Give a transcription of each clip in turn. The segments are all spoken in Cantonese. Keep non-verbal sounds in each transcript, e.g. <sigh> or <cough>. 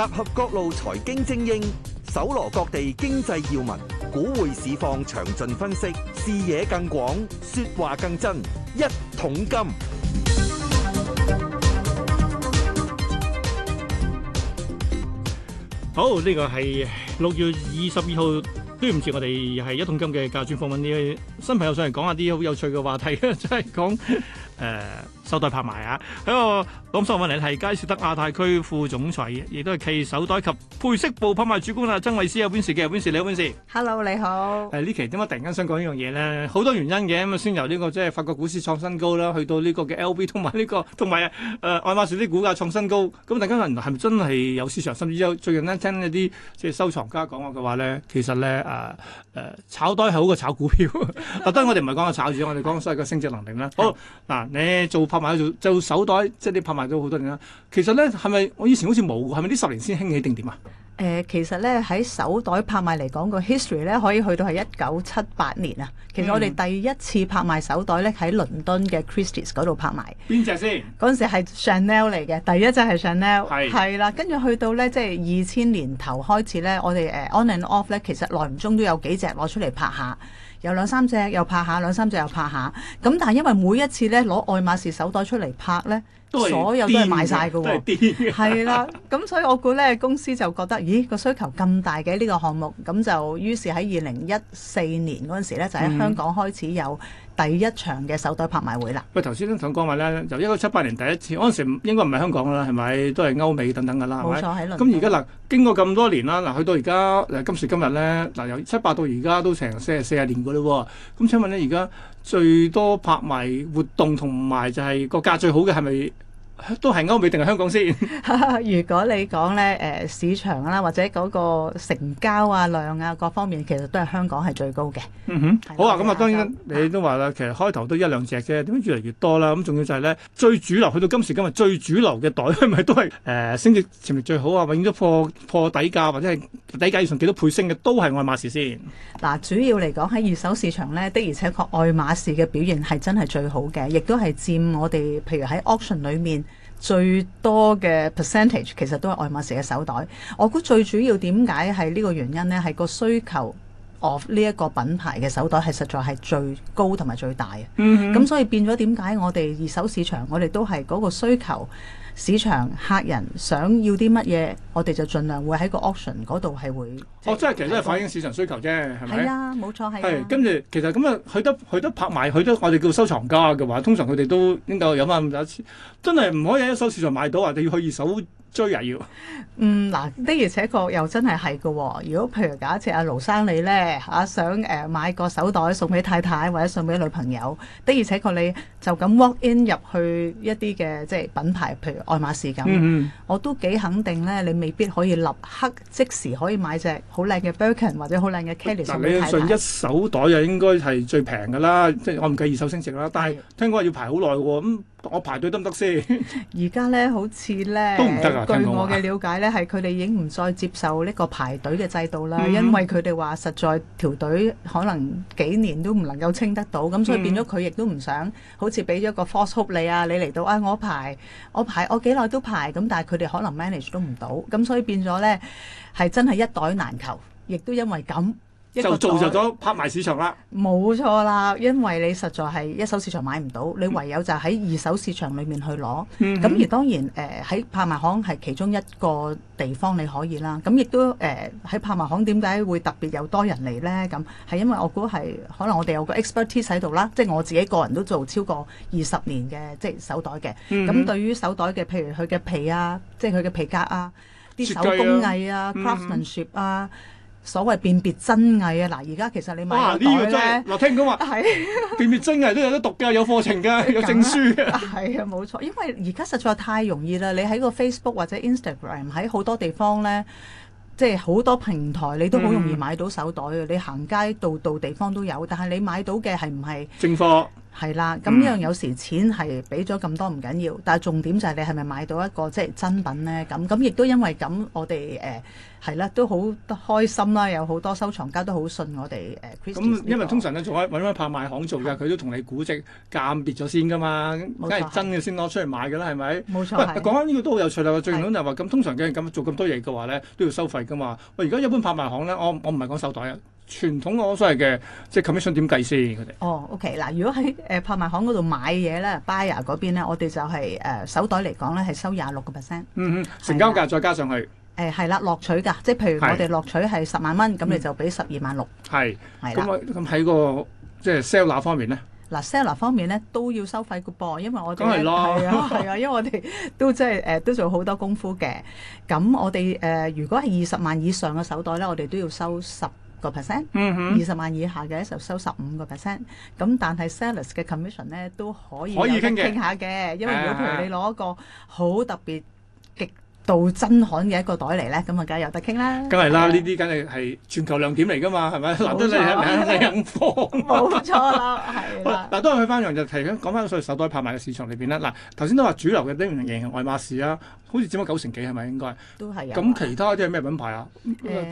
集合各路財經精英，搜羅各地經濟要聞，股匯市況詳盡分析，視野更廣，說話更真。一桶金。好，呢個係六月二十二號，都唔似我哋係一桶金嘅假日訪問，呢位新朋友上嚟講下啲好有趣嘅話題啊，真係講誒。呃手袋拍賣啊！喺、啊、我咁收翻嚟咧，係佳士得亞太區副總裁，亦都係旗手袋及配飾部拍賣主管啊，曾慧思有本事，嘅？本事，你？有本事。Hello，你好。誒呢、啊、期點解突然間想講呢樣嘢咧？好多原因嘅咁啊！先由呢、這個即係法國股市創新高啦，去到呢個嘅 LV 同埋呢個同埋誒愛馬仕啲股價創新高。咁大家原來係咪真係有市場？甚至有最近咧聽一啲即係收藏家講話嘅話咧，其實咧誒誒炒袋係好過炒股票。當然 <laughs> <laughs> 我哋唔係講緊炒字，我哋講所謂嘅升值能力啦。好嗱，你做賣就手袋，即係你拍賣咗好多年啦。其實咧，係咪我以前好似冇？係咪呢十年先興起定點啊？誒其實咧喺手袋拍賣嚟講個 history 咧可以去到係一九七八年啊！其實我哋第一次拍賣手袋咧喺倫敦嘅 Christie's 嗰度拍賣邊隻先？嗰陣時係 Chanel 嚟嘅第一隻係 Chanel 係係啦是，跟住去到咧即係二千年頭開始咧，我哋誒 on and off 咧其實耐唔中都有幾隻攞出嚟拍下，有兩三隻又拍下，兩三隻又拍下。咁但係因為每一次咧攞愛馬仕手袋出嚟拍咧。所有都係賣晒嘅喎，係啦，咁 <laughs> 所以我估呢公司就覺得，咦、呢個需求咁大嘅呢、呢個項目，咁就於是喺二零一四年嗰陣時咧，就喺香港開始有，嗯第一場嘅手袋拍賣會啦。喂，頭先都想講話咧，由一九七八年第一次，嗰陣時應該唔係香港啦，係咪都係歐美等等嘅啦，係咪？冇錯喺倫。咁而家嗱，經過咁多年啦，嗱去到而家誒今時今日咧，嗱由七八到而家都成四十四十年嘅嘞喎。咁請問咧，而家最多拍賣活動同埋就係個價最好嘅係咪？都係歐美定係香港先？ <laughs> <laughs> 如果你講咧，誒、呃、市場啦，或者嗰個成交啊、量啊各方面，其實都係香港係最高嘅。嗯哼，的好啊，咁啊，當然你都話啦，其實開頭都一兩隻啫，點解越嚟越多啦？咁仲要就係咧，最主流去到今時今日最主流嘅袋，係咪都係誒、呃、升值潛力最好啊？永遠都破破底價，或者係底價以上幾多倍升嘅，都係愛馬仕先。嗱、啊，主要嚟講喺二手市場咧，的而且確愛馬仕嘅表現係真係最好嘅，亦都係佔我哋譬如喺 auction 裏面。 <laughs> 最多嘅 percentage 其實都係愛馬仕嘅手袋，我估最主要點解係呢個原因呢？係個需求 of 呢一個品牌嘅手袋係實在係最高同埋最大嘅。咁、mm hmm. 所以變咗點解我哋二手市場，我哋都係嗰個需求。市場客人想要啲乜嘢，我哋就盡量會喺個 auction 嗰度係會。哦，即係其實都係反映市場需求啫，係咪？係啊，冇錯係。係、啊、跟住其實咁啊，佢都佢都拍賣，佢都我哋叫收藏家嘅話，通常佢哋都應該有翻咁多錢。真係唔可以喺一手市場買到啊！你要去二手追啊要。嗯，嗱，的而且確又真係係㗎。如果譬如假設阿盧生你咧，啊想誒、呃、買個手袋送俾太太或者送俾女朋友，的而且確你就咁 walk in 入去一啲嘅即係品牌，譬如。愛馬仕咁，嗯嗯，我都幾肯定咧，你未必可以立刻即時可以買隻好靚嘅 Birkin 或者好靚嘅 Kelly 送啲太太。嗱，信一手袋就應該係最平嘅啦，即係我唔計二手升值啦。但係聽講要排好耐喎。咁。嗯我排隊得唔得先？而家咧好似咧，都唔得啊，據我嘅了解咧，係佢哋已經唔再接受呢個排隊嘅制度啦，mm hmm. 因為佢哋話實在條隊可能幾年都唔能夠清得到，咁所以變咗佢亦都唔想好似俾咗個 false hope 你啊，你嚟到啊，我排我排我幾耐都排咁，但係佢哋可能 manage 都唔到，咁所以變咗咧係真係一袋難求，亦都因為咁。就造就咗拍賣市場啦，冇錯啦，因為你實在係一手市場買唔到，你唯有就喺二手市場裏面去攞。咁、嗯、哼而當然，誒、呃、喺拍賣行係其中一個地方你可以啦。咁亦都誒喺、呃、拍賣行點解會特別有多人嚟呢？咁係因為我估係可能我哋有個 expertise 喺度啦，即、就、係、是、我自己個人都做超過二十年嘅即係手袋嘅。咁、嗯、哼對於手袋嘅，譬如佢嘅皮啊，即係佢嘅皮革啊，啲手工藝啊，craftsmanship 啊。嗯所謂辨別真偽啊！嗱，而家其實你買袋咧，嗱、啊這個就是、聽講話，係是、啊、 <laughs> 辨別真偽都有得讀㗎，有課程㗎，有證書。係啊，冇、 <laughs> 啊、錯，因為而家實在太容易啦！你喺個 Facebook 或者 Instagram，喺好多地方咧，即係好多平台，你都好容易買到手袋嘅。嗯、你行街度度地方都有，但係你買到嘅係唔係，正貨？係啦，咁呢樣有時錢係俾咗咁多唔緊要，但係重點就係你係咪買到一個即係真品咧？咁咁亦都因為咁，我哋誒係啦，都好開心啦，有好多收藏家都好信我哋誒、呢個。咁因為通常咧做開揾開拍賣行做嘅，佢的都同你估值鑑別咗先噶嘛，梗係真嘅先攞出嚟買嘅啦，係咪？冇錯。不過講翻呢個都好有趣啦。的最緊要就話咁，的通常嘅咁做咁多嘢嘅話咧，都要收費噶嘛。我而家一般拍賣行咧，我我唔係講手袋啊。傳統我所謂嘅，即係 commission 點計先？佢哋哦，OK 嗱，如果喺誒拍賣行嗰度買嘢咧，buyer 嗰邊咧，我哋就係誒手袋嚟講咧，係收廿六個 percent。嗯哼，成交價再加上去。誒係啦，落取㗎，即係譬如我哋落取係十萬蚊，咁你就俾十二萬六。係係啦。咁喺個即係 seller 方面咧？嗱，seller 方面咧都要收費嘅噃，因為我哋係咯，係啊，因為我哋都即係誒都做好多功夫嘅。咁我哋誒如果係二十萬以上嘅手袋咧，我哋都要收十。個 percent，二十萬以下嘅就收十五個 percent，咁但係 seller 嘅 commission 咧都可以傾下嘅，因為如果譬如你攞一個好特別。到真罕嘅一個袋嚟咧，咁啊梗係有得傾啦！梗係啦，呢啲梗係係全球亮點嚟噶嘛，係咪？嗱，都係係咪啊，靚貨！冇錯，係 <laughs> 啦。嗱，都係去翻樣，就提緊講翻咗手袋拍賣嘅市場裏邊啦。嗱，頭先都話主流嘅丁型型外馬士啦，好似佔咗九成幾係咪應該？都係、啊。咁其他啲係咩品牌啊？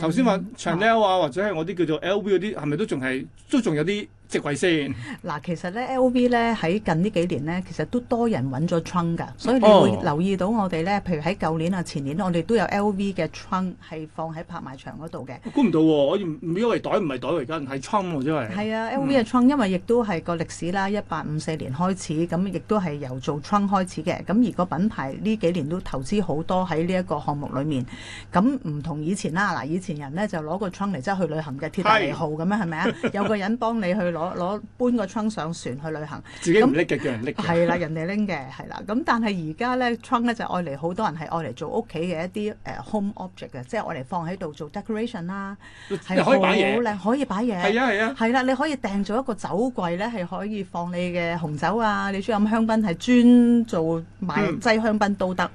頭先話 Chanel 啊，啊或者係我啲叫做 LV 嗰啲，係咪都仲係都仲有啲？即位先嗱、啊，其實咧 L V 咧喺近呢幾年咧，其實都多人揾咗 trunk 㗎，所以你會留意到我哋咧，譬如喺舊年啊、前年，我哋都有 L V 嘅 trunk 係放喺拍賣場嗰度嘅。估唔到喎、啊，我以為、啊嗯、因為袋唔係袋，而家係 trunk 喎真係。係啊，L V 嘅 trunk，因為亦都係個歷史啦，一八五四年開始，咁亦都係由做 trunk 開始嘅。咁而個品牌呢幾年都投資好多喺呢一個項目裡面。咁唔同以前啦，嗱，以前人咧就攞個 trunk 嚟即係去旅行嘅鐵達尼號咁樣係咪啊？是有個人幫你去。攞攞搬個倉上船去旅行，自己唔拎嘅，叫人拎嘅，係啦，人哋拎嘅係啦。咁但係而家咧倉咧就愛嚟好多人係愛嚟做屋企嘅一啲誒 home object 嘅，即係愛嚟放喺度做 decoration 啦，係好靚，可以擺嘢，係啊係啊，係啦，你可以訂做一個酒櫃咧，係可以放你嘅紅酒啊，你中意飲香檳係專做買擠香檳都得，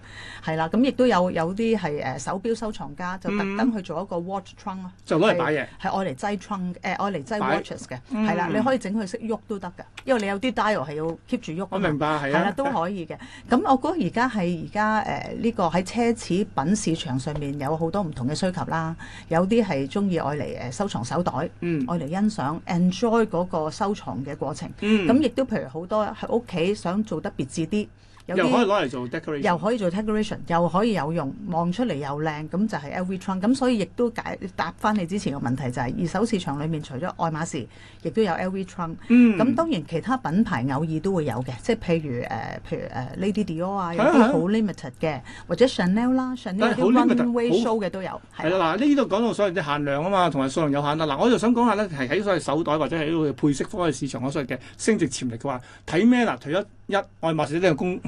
係啦。咁亦都有有啲係誒手錶收藏家就特登去做一個 watch trunk 咯，就攞嚟擺嘢，係愛嚟擠 trunk 誒愛嚟擠 watches 嘅，係啦。你可以整佢識喐都得㗎，因為你有啲 dial 係要 keep 住喐。我明白，係啊。都可以嘅。咁 <laughs> 我估而家係而家誒呢個喺奢侈品市場上面有好多唔同嘅需求啦。有啲係中意愛嚟誒收藏手袋，愛嚟、嗯、欣賞 enjoy 嗰個收藏嘅過程。咁亦、嗯、都譬如好多喺屋企想做得別致啲。有又可以攞嚟做 decoration，又可以做 decoration，又可以有用，望出嚟又靚，咁就係 LV trunk。咁所以亦都解答翻你之前嘅問題，就是，就係二手市場裏面除咗愛馬仕，亦都有 LV trunk。嗯。咁當然其他品牌偶爾都會有嘅，即係譬如誒、呃，譬如誒、呃、Lady Dior 啊，有啲好 limited 嘅，啊、或者 Chanel 啦，Chanel 啲 runway show 嘅都有。係啦，嗱呢度講到所謂啲限量啊嘛，同埋數量有限啦。嗱，我就想講下咧，係喺所謂手袋或者喺配飾方面市場嗰度嘅升值潛力嘅話，睇咩啦？除咗一愛馬仕一定係供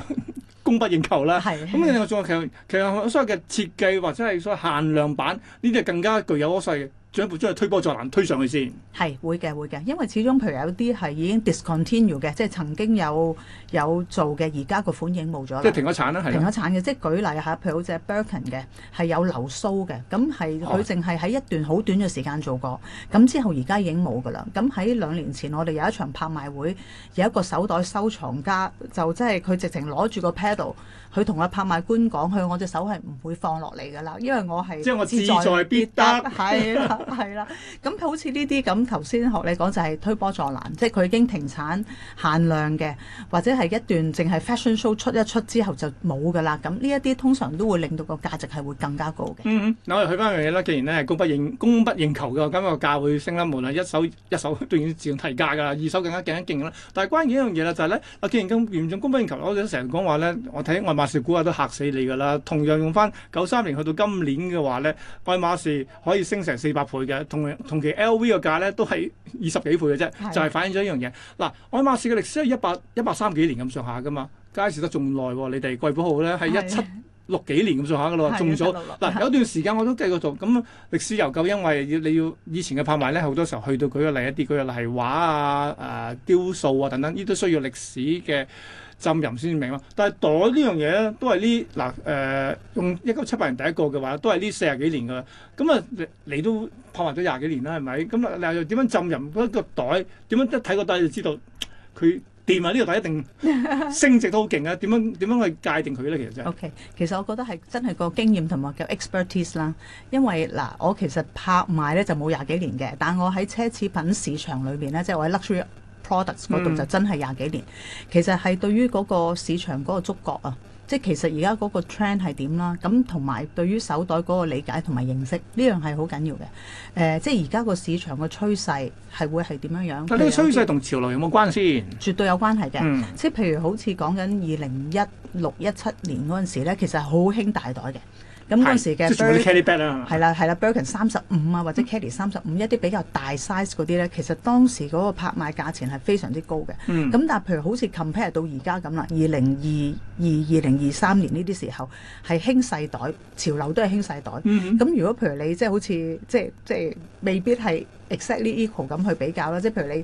供不應求啦，咁我仲有其其實所謂嘅設計或者係所謂限量版呢啲係更加具有優勢嘅。將會將推波助瀾，推上去先。係會嘅，會嘅，因為始終譬如有啲係已經 discontinue 嘅，即係曾經有有做嘅，而家個款已經冇咗，即係停咗產啦，係。停咗產嘅，即係舉例下，譬如好似 Birkin 嘅係有流蘇嘅，咁係佢淨係喺一段好短嘅時間做過，咁之後而家已經冇㗎啦。咁喺兩年前，我哋有一場拍賣會，有一個手袋收藏家就即係佢直情攞住個 paddle，佢同阿拍賣官講：佢，我隻手係唔會放落嚟㗎啦，因為我係即係我志在必得，係 <laughs> <laughs> 係啦，咁 <laughs> 好似呢啲咁頭先學你講就係推波助瀾，即係佢已經停產限量嘅，或者係一段淨係 fashion show 出一出之後就冇㗎啦。咁呢一啲通常都會令到個價值係會更加高嘅。嗯，嗯，嗱我哋去翻樣嘢啦。既然咧供不應供不應求嘅，咁個價會升啦。無論一手一手都已經自動提價㗎啦，二手更加勁一勁啦。但係關鍵一樣嘢啦，就係呢。啊既然咁嚴重供不應求，我哋成日講話呢，我睇愛馬仕股啊都嚇死你㗎啦。同樣用翻九三年去到今年嘅話呢，愛馬仕可以升成四百。嘅同同期 LV 嘅價咧都係二十幾倍嘅啫，的就係反映咗一樣嘢。嗱，愛馬仕嘅歷史係一百一百三幾年咁上下噶嘛，佳士得仲耐喎。你哋貴府號咧係一七六幾年咁上下噶咯，仲早的。嗱，有段時間我都計過數。咁歷史悠久，因為要你要以前嘅拍賣咧，好多時候去到舉個例一啲，舉個例係畫啊、誒、呃、雕塑啊等等，呢都需要歷史嘅。浸淫先至明咯，但係袋呢樣嘢咧，都係呢嗱誒，用一九七八年第一個嘅話，都係呢四十幾年噶啦。咁啊，你都拍賣咗廿幾年啦，係咪？咁啊，又點樣浸淫嗰個袋？點樣一睇個袋就知道佢掂啊？呢、這個袋一定升值都好勁嘅。點 <laughs> 樣點樣去界定佢咧？其實就是、OK，其實我覺得係真係個經驗同埋個 expertise 啦。因為嗱，我其實拍賣咧就冇廿幾年嘅，但係我喺奢侈品市場裏邊咧，即、就、係、是、我喺 Luxury products 嗰度就真係廿幾年，嗯、其實係對於嗰個市場嗰個觸覺啊，即係其實而家嗰個 trend 係點啦，咁同埋對於手袋嗰個理解同埋認識呢樣係好緊要嘅，誒、呃，即係而家個市場嘅趨勢係會係點樣樣？但呢個趨勢同潮流有冇關先？絕對有關係嘅，嗯、即係譬如好似講緊二零一六一七年嗰陣時呢，其實係好興大袋嘅。咁嗰陣時嘅係啦係啦，Birkin 三十五啊，或者 Kelly 三十五，一啲比較大 size 啲咧，其實當時嗰個拍賣價錢係非常之高嘅。咁、嗯、但係譬如好似 compare 到而家咁啦，二零二二二零二三年呢啲時候係興細袋，潮流都係興細袋。咁、嗯嗯嗯、如果譬如你即係好似即係即係未必係 exactly equal 咁去比較啦，即係譬如你。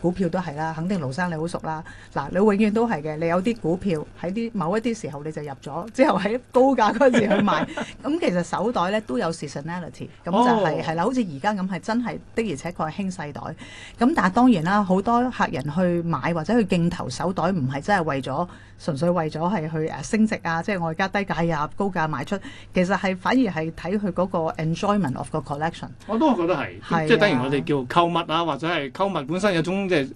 股票都係啦，肯定盧生你好熟啦。嗱，你永遠都係嘅，你有啲股票喺啲某一啲時候你就入咗，之後喺高價嗰陣時去買。咁、 <laughs> 嗯、其實手袋咧都有 seasonality、嗯、哦咁就係、係、係啦，好似而家咁係真係的，的而且確係輕細袋。咁、嗯、但係當然啦，好多客人去買或者去競投手袋，唔係真係為咗純粹為咗係去誒升值啊，即、就、係、是、外加低價啊高價賣出。其實係反而係睇佢嗰個 enjoyment of 個 collection。我都覺得係，啊、即係等於我哋叫購物啊，或者係購物本身有種。即係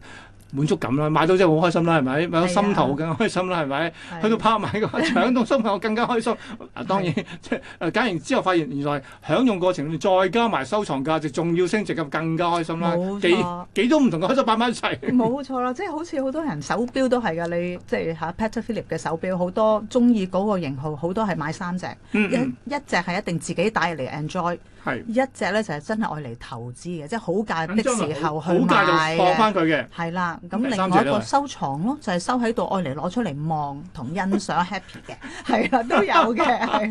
滿足感啦，買到真係好開心啦，係咪買到心頭更加開心啦，係咪的去到拍賣個搶到心頭更加開心？啊 <laughs> 當然即係誒揀完之後發現原來享用過程裏面再加埋收藏價值，仲要升值咁更加開心啦錯！幾幾種唔同嘅開心擺埋一齊。冇錯啦，即係好似好多人手錶都係㗎，你即係嚇 Patek Philippe 嘅手錶，好多中意嗰個型號，好多係買三隻，嗯嗯一一隻係一定自己帶嚟 enjoy。係是一隻咧就係、是、真係愛嚟投資嘅，即係好價的時候去買，放翻佢嘅係啦。咁、嗯、另外一個收藏咯，就係、是、收喺度愛嚟攞出嚟望同欣賞 happy 嘅係啦，都有嘅。嗱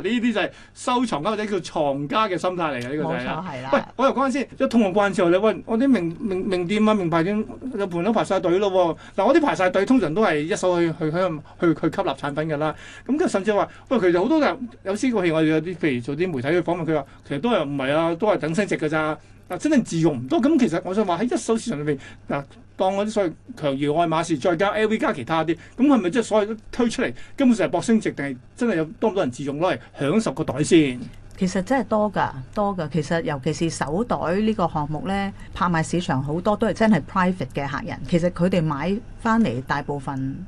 呢啲就係收藏家或者叫藏家嘅心態嚟嘅，呢個就係。喂，我又講下先，一通關之後就係喂，我啲名名名店啊、名牌店有盤都排晒隊咯。嗱我啲排晒隊，通常都係一手去去去去，去，去吸納產品㗎啦。咁、嗯、跟甚至話喂，其實好多有有試過係我哋有啲譬如做啲媒體去訪問佢話。其實都係唔係啊？都係等升值㗎咋嗱，真正自用唔多，咁其實我想話喺一手市場裏面嗱，當嗰啲所謂強如愛馬仕，再加 LV 加其他啲，咁係咪即係所謂都推出嚟根本上係博升值定係真係有多唔多人自用攞嚟享受個袋先？其實真係多㗎，多㗎。其實尤其是手袋呢個項目咧，拍賣市場好多都係真係 private 嘅客人。其實佢哋買翻嚟大部分。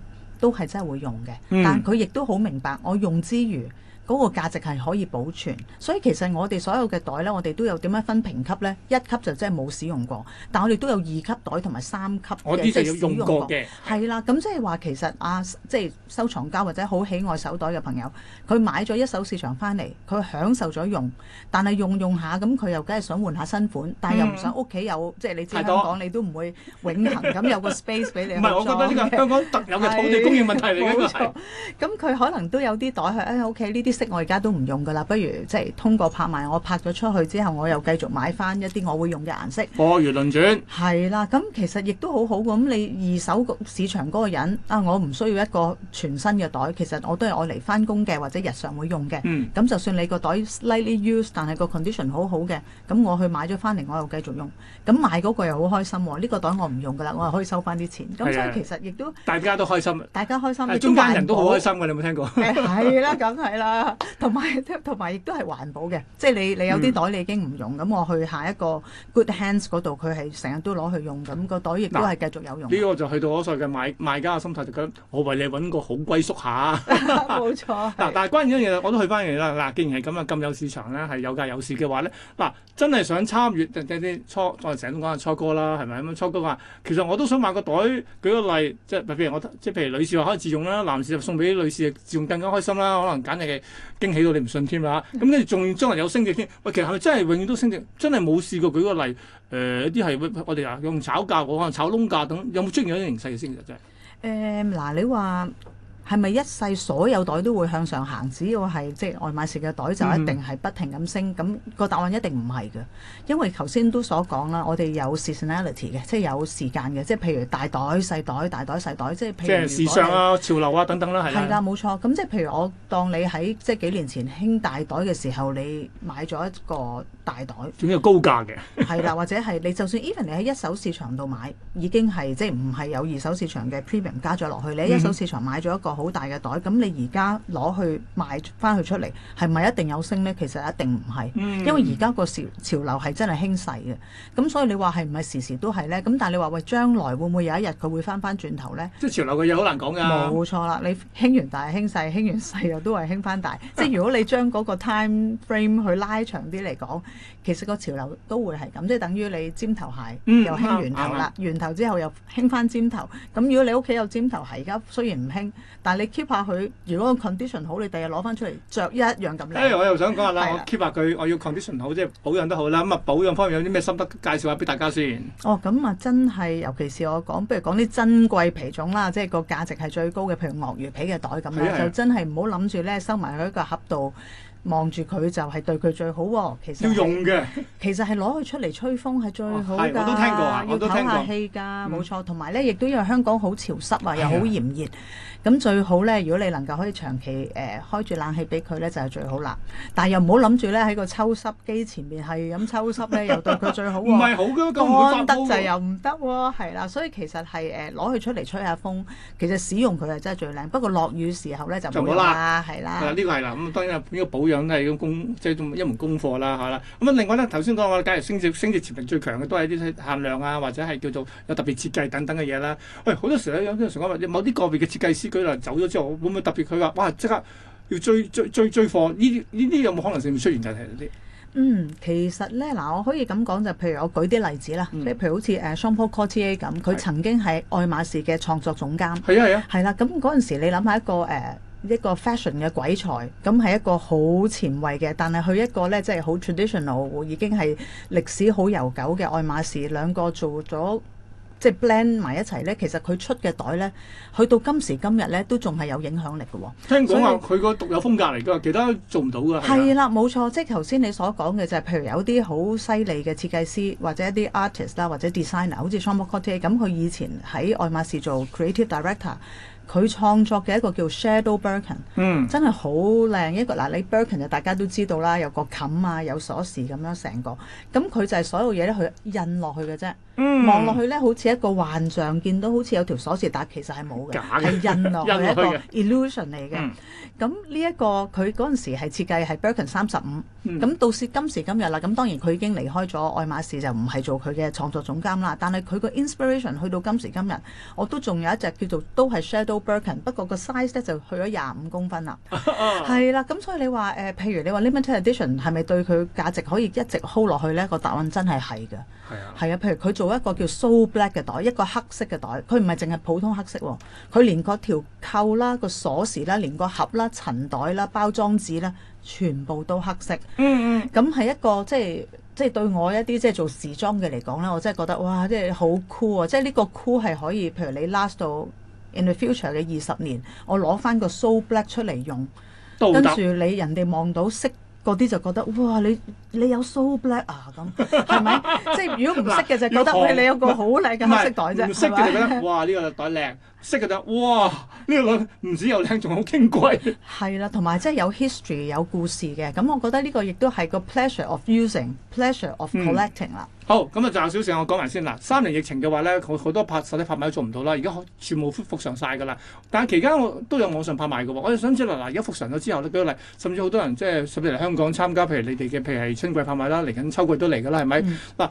都係真係會用嘅，但佢亦都好明白，我用之餘嗰個價值係可以保存，所以其實我哋所有嘅袋呢，我哋都有點樣分評級呢？一級就真係冇使用過，但我哋都有二級袋同埋三級嘅，即要用使用過嘅。係啦，咁即係話其實啊，即係收藏家或者好喜愛手袋嘅朋友，佢買咗一手市場翻嚟，佢享受咗用，但係用一用一下咁，佢又梗係想換下新款，但係又唔想屋企有，嗯、即係你知香港的你都唔會永恆咁有個 space 俾 <laughs> 你唔係，我覺得呢個香港特有嘅土地。重要問題嚟嘅，咁佢 <laughs> 可能都有啲袋係，誒、哎、OK，呢啲色我而家都唔用㗎啦，不如即係通過拍賣，我拍咗出去之後，我又繼續買翻一啲我會用嘅顏色。貨如輪轉。係啦，咁其實亦都好好嘅。咁你二手市場嗰個人啊，我唔需要一個全新嘅袋，其實我都係愛嚟翻工嘅或者日常會用嘅。咁、嗯、就算你個袋 slightly used，但係個 condition 好好嘅，咁我去買咗翻嚟我又繼續用。咁買嗰個又好開心，哦，呢、呢個袋我唔用㗎啦，我又可以收翻啲錢。咁所以其實亦都大家都開心。大家開心，中間人都好開心嘅，你有冇聽過？係係啦，梗係啦，同埋同埋亦都係環保嘅，即係你你有啲袋你已經唔用咁，我去下一個 Good Hands 嗰度，佢係成日都攞去用咁個袋，亦都係繼續有用。呢個就去到嗰所謂買賣家嘅心態就覺得我為你揾個好歸宿下。冇錯。嗱，但係關鍵一樣嘢我都去翻嚟啦。嗱，既然係咁啊，咁有市場咧，係有價有市嘅話咧，嗱，真係想參與，即係啲初我哋成日都講下初哥啦，係咪咁樣？初哥話其實我都想買個袋。舉個例，即係譬如我即係譬如女。事話可以自用啦，男士就送俾女士自用更加開心啦，可能簡直係驚喜到你唔信添啦！咁跟住仲將來有升值添，喂，其實係咪真係永遠都升值？真係冇試過，舉個例，誒一啲係我哋啊用炒價，我可能炒窿價等，有冇出現一啲形勢先嘅啫？誒嗱、嗯，你話。係咪一世所有袋都會向上行？只要係即係外賣食嘅袋就一定係不停咁升，咁、嗯、個答案一定唔係嘅。因為頭先都所講啦，我哋有 seasonality 嘅，即係有時間嘅，即係譬如大袋細袋、大袋細袋，即係即係時尚啊、潮流啊等等啦、啊，係啦，係啦，冇錯。咁即係譬如我當你喺即係幾年前興大袋嘅時候，你買咗一個大袋，仲要有高價嘅。係 <laughs> 啦，或者係你就算 even 你喺一手市場度買，已經係即係唔係有二手市場嘅 premium 加咗落去，你喺一手市場買咗一個。嗯好大嘅袋，咁你而家攞去賣翻佢出嚟，係咪一定有升呢？其實一定唔係，嗯、因為而家個潮潮流係真係興細嘅，咁所以你話係唔係時時都係呢？咁但係你話喂，將來會唔會有一日佢會翻翻轉頭呢？即係潮流嘅嘢好難講㗎。冇錯啦，你興完大興細，興完細又都係興翻大。 <laughs> 即係如果你將嗰個 time frame 去拉長啲嚟講，其實個潮流都會係咁，即係等於你尖頭鞋又興圓頭啦，圓頭之後又興翻尖頭。咁如果你屋企有尖頭鞋，而家雖然唔興。但係你 keep 下佢，如果個 condition 好，你第日攞翻出嚟着一樣咁靚。誒、哎，我又想講 <laughs> 的下啦，我 keep 下佢，我要 condition 好，即係保養都好啦。咁啊，保養方面有啲咩心得介紹下俾大家先？哦，咁啊，真係，尤其是我講，不如講啲珍貴皮種啦，即係個價值係最高嘅，譬如鱷魚皮嘅袋咁，的就真係唔好諗住咧收埋喺一個盒度。望住佢就係對佢最好喎。其實要用嘅，其實係攞佢出嚟吹風係最好。我都聽過，我都聽過。透下氣㗎，冇錯。同埋咧，亦都因為香港好潮濕啊，又好炎熱，咁最好咧，如果你能夠可以長期誒開住冷氣俾佢咧，就係最好啦。但係又唔好諗住咧喺個抽濕機前面係咁抽濕咧，又對佢最好喎。唔係好㗎，咁會發黴。乾得就又唔得喎，係啦。所以其實係誒攞佢出嚟吹下風，其實使用佢係真係最靚。不過落雨時候咧就唔好啦，係啦。呢個係啦。咁當然呢個保養。想係一種功，即係一種一門功課啦，嚇啦。咁啊，另外咧，頭先講話，假如升值升值潛力最強嘅都係啲限量啊，或者係叫做有特別設計等等嘅嘢啦。喂、欸，好多時咧，有啲人講話，某啲個別嘅設計師佢嚟走咗之後，會唔會特別？佢話：哇，即刻要追追追追貨。呢啲呢啲有冇可能性會出現問題呢啲？嗯，其實咧，嗱，我可以咁講就，譬如我舉啲例子啦。即係譬如好似誒 s a m p o o Corti 咁，佢曾經係愛馬仕嘅創作總監。係啊，係啊。係啦，咁嗰陣時你諗下一個誒，一個 fashion 嘅鬼才，咁係一個好前衛嘅，但係佢一個呢，即係好 traditional，已經係歷史好悠久嘅愛馬仕，兩個做咗即係 blend 埋一齊呢，其實佢出嘅袋呢，去到今時今日呢，都仲係有影響力嘅喎、哦。聽講話佢個獨有風格嚟㗎，其他都做唔到㗎。係啦，冇錯，即係頭先你所講嘅就係、是，譬如有啲好犀利嘅設計師或者一啲 artist 啦，或者 designer，好似 Sean McCartney 咁，佢以前喺愛馬仕做 creative director。佢創作嘅一個叫 Shadow Birkin、嗯、真係好靚一個嗱，你 Birkin 就大家都知道啦，有個冚啊，有鎖匙咁樣成個，咁佢就係所有嘢咧，佢印落去嘅啫。望落、嗯、去咧，好似一個幻象，見到好似有條鎖匙，但其實係冇嘅，係的印落去一個 illusion 嚟嘅。咁呢一個佢嗰陣時係設計係 Birkin 三十五，咁、嗯、到時今時今日啦，咁當然佢已經離開咗愛馬仕，就唔係做佢嘅創作總監啦。但係佢個 inspiration 去到今時今日，我都仲有一隻叫做都係 Shadow Birkin，不過個 size 咧就去咗廿五公分啦。係啦， <laughs> 咁所以你話誒、呃，譬如你話 limited edition 係咪對佢價值可以一直 hold 落去呢？個答案真係係嘅。係啊的，譬如佢做。一個叫 so black 嘅袋，一個黑色嘅袋，佢唔係淨係普通黑色，佢連個條扣啦、個鎖匙啦、連個盒啦、塵袋啦、包裝紙啦，全部都黑色。嗯嗯。咁係一個即係即係對我一啲即係做時裝嘅嚟講咧，我真係覺得哇，cool, 即係好 cool 啊！即係呢個 cool 係可以，譬如你 last 到 in the future 嘅二十年，我攞翻個 so black 出嚟用，跟住德你人哋望到色嗰啲就覺得哇你。你有 So Black 啊咁，係咪？ <laughs> 即係如果唔識嘅就覺得喂你有個好靚嘅黑色袋啫。唔 <laughs> 識嘅就覺、是、得吧哇呢、呢個袋靚，識嘅就得、是、哇呢、呢個唔止又靚，仲好矜貴。係啦，同埋即係有，有 history 有故事嘅，咁我覺得呢個亦都係個 ple of using, pleasure of using，pleasure of collecting 啦、嗯。好，咁啊仲有少少嘢我講埋先啦。三年疫情嘅話咧，好多拍手、實體拍賣都做唔到啦，而家全部復常晒曬㗎啦。但係期間我都有網上拍賣嘅喎。我就想知啦，嗱，而家復常咗之後咧，舉例，甚至好多人即係甚至嚟香港參加，譬如你哋嘅譬如。珍貴拍賣啦，嚟緊秋季都嚟噶啦，係咪？嗱、 <noise> 啊，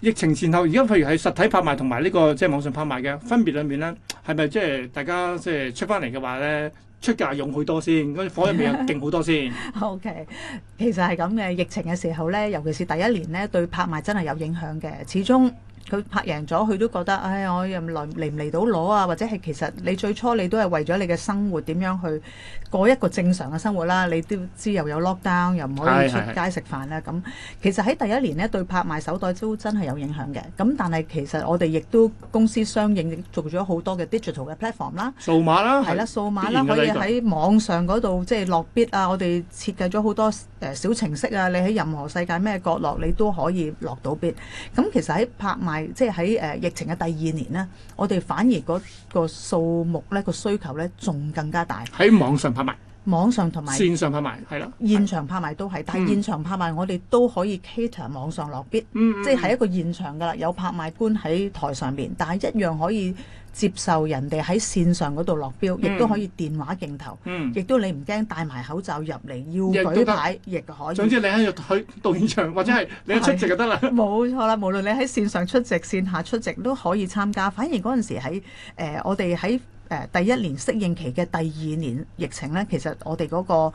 疫情前後，而家譬如係實體拍賣同埋呢個即係、就是、網上拍賣嘅分別裏面咧，係咪即係大家即係出翻嚟嘅話咧，出價用好多先，嗰啲火入面又勁好多先。 <laughs> OK，其實係咁嘅，疫情嘅時候咧，尤其是第一年咧，對拍賣真係有影響嘅，始終。佢拍贏咗，佢都覺得，唉，我又嚟嚟唔嚟到攞啊？或者係其實你最初你都係為咗你嘅生活點樣去過一個正常嘅生活啦。你都知又有 lockdown，又唔可以出街食飯啦。咁其實喺第一年呢，對拍賣手袋都真係有影響嘅。咁但係其實我哋亦都公司相應做咗好多嘅 digital 嘅 platform 啦，數碼啦，係啦，數碼啦，可以喺網上嗰度即係落 bid 啊。我哋設計咗好多誒，小程式啊，你喺任何世界咩角落你都可以落到 bid。咁其實喺拍賣。即係喺誒疫情嘅第二年咧，我哋反而個數目咧，個需求咧仲更加大，喺網上拍賣。網上同埋線上拍賣係啦，現場拍賣都係，嗯、但係現場拍賣我哋都可以 cater 網上落標，嗯、即係一個現場㗎啦，有拍賣官喺台上面，但係一樣可以接受人哋喺線上嗰度落標，亦都、嗯、可以電話競投，亦、嗯、都你唔驚戴埋口罩入嚟要舉牌，亦可以。總之你喺度到現場或者係你是出席就得啦。冇是 <laughs> 錯啦，無論你喺線上出席、線下出席都可以參加。反而嗰陣時喺誒、呃呃、我哋喺。第一年適應期嘅第二年疫情呢，其實我哋嗰、嗰個。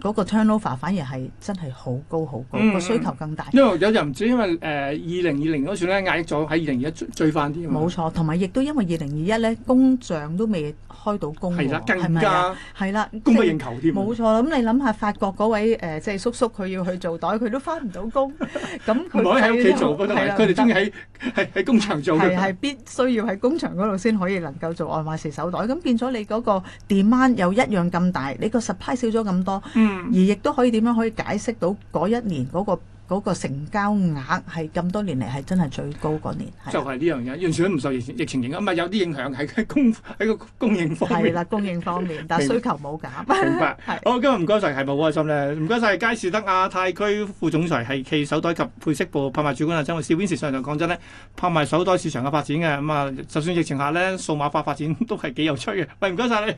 嗰個 turnover 反而係真係好高好高，個需求更大。因為有人唔知，因為誒二零二零嗰陣咧壓抑咗，喺二零二一追返啲。冇錯，同埋亦都因為二零二一咧工廠都未開到工。係啦，更加係啦，供不應求添。冇錯啦，咁你諗下法國嗰位誒即係叔叔，佢要去做袋，佢都返唔到工。咁佢唔可以喺屋企做，佢哋真係喺喺工場做。係係必須要喺工場嗰度先可以能夠做愛馬仕手袋。咁變咗你嗰個 demand 又一樣咁大，你個 supply 少咗咁多。而亦都可以點樣可以解釋到嗰一年嗰、嗰個嗰個成交額係咁多年嚟係真係最高嗰年，就係呢樣嘢完全唔受疫情，疫情影響，唔係有啲影響喺供喺個供應方面係啦，供應方面， <laughs> 但係需求冇減。明白。好 <laughs> 的、哦，今日唔該晒，係咪好開心咧？唔該晒，佳士得亞太區副總裁係暨手袋及配飾部拍賣主管阿曾 Sir Vincent 上場講真咧，拍賣手袋市場嘅發展嘅咁啊，就算疫情下咧，數碼化發展都係幾有趣嘅。喂，唔該晒你。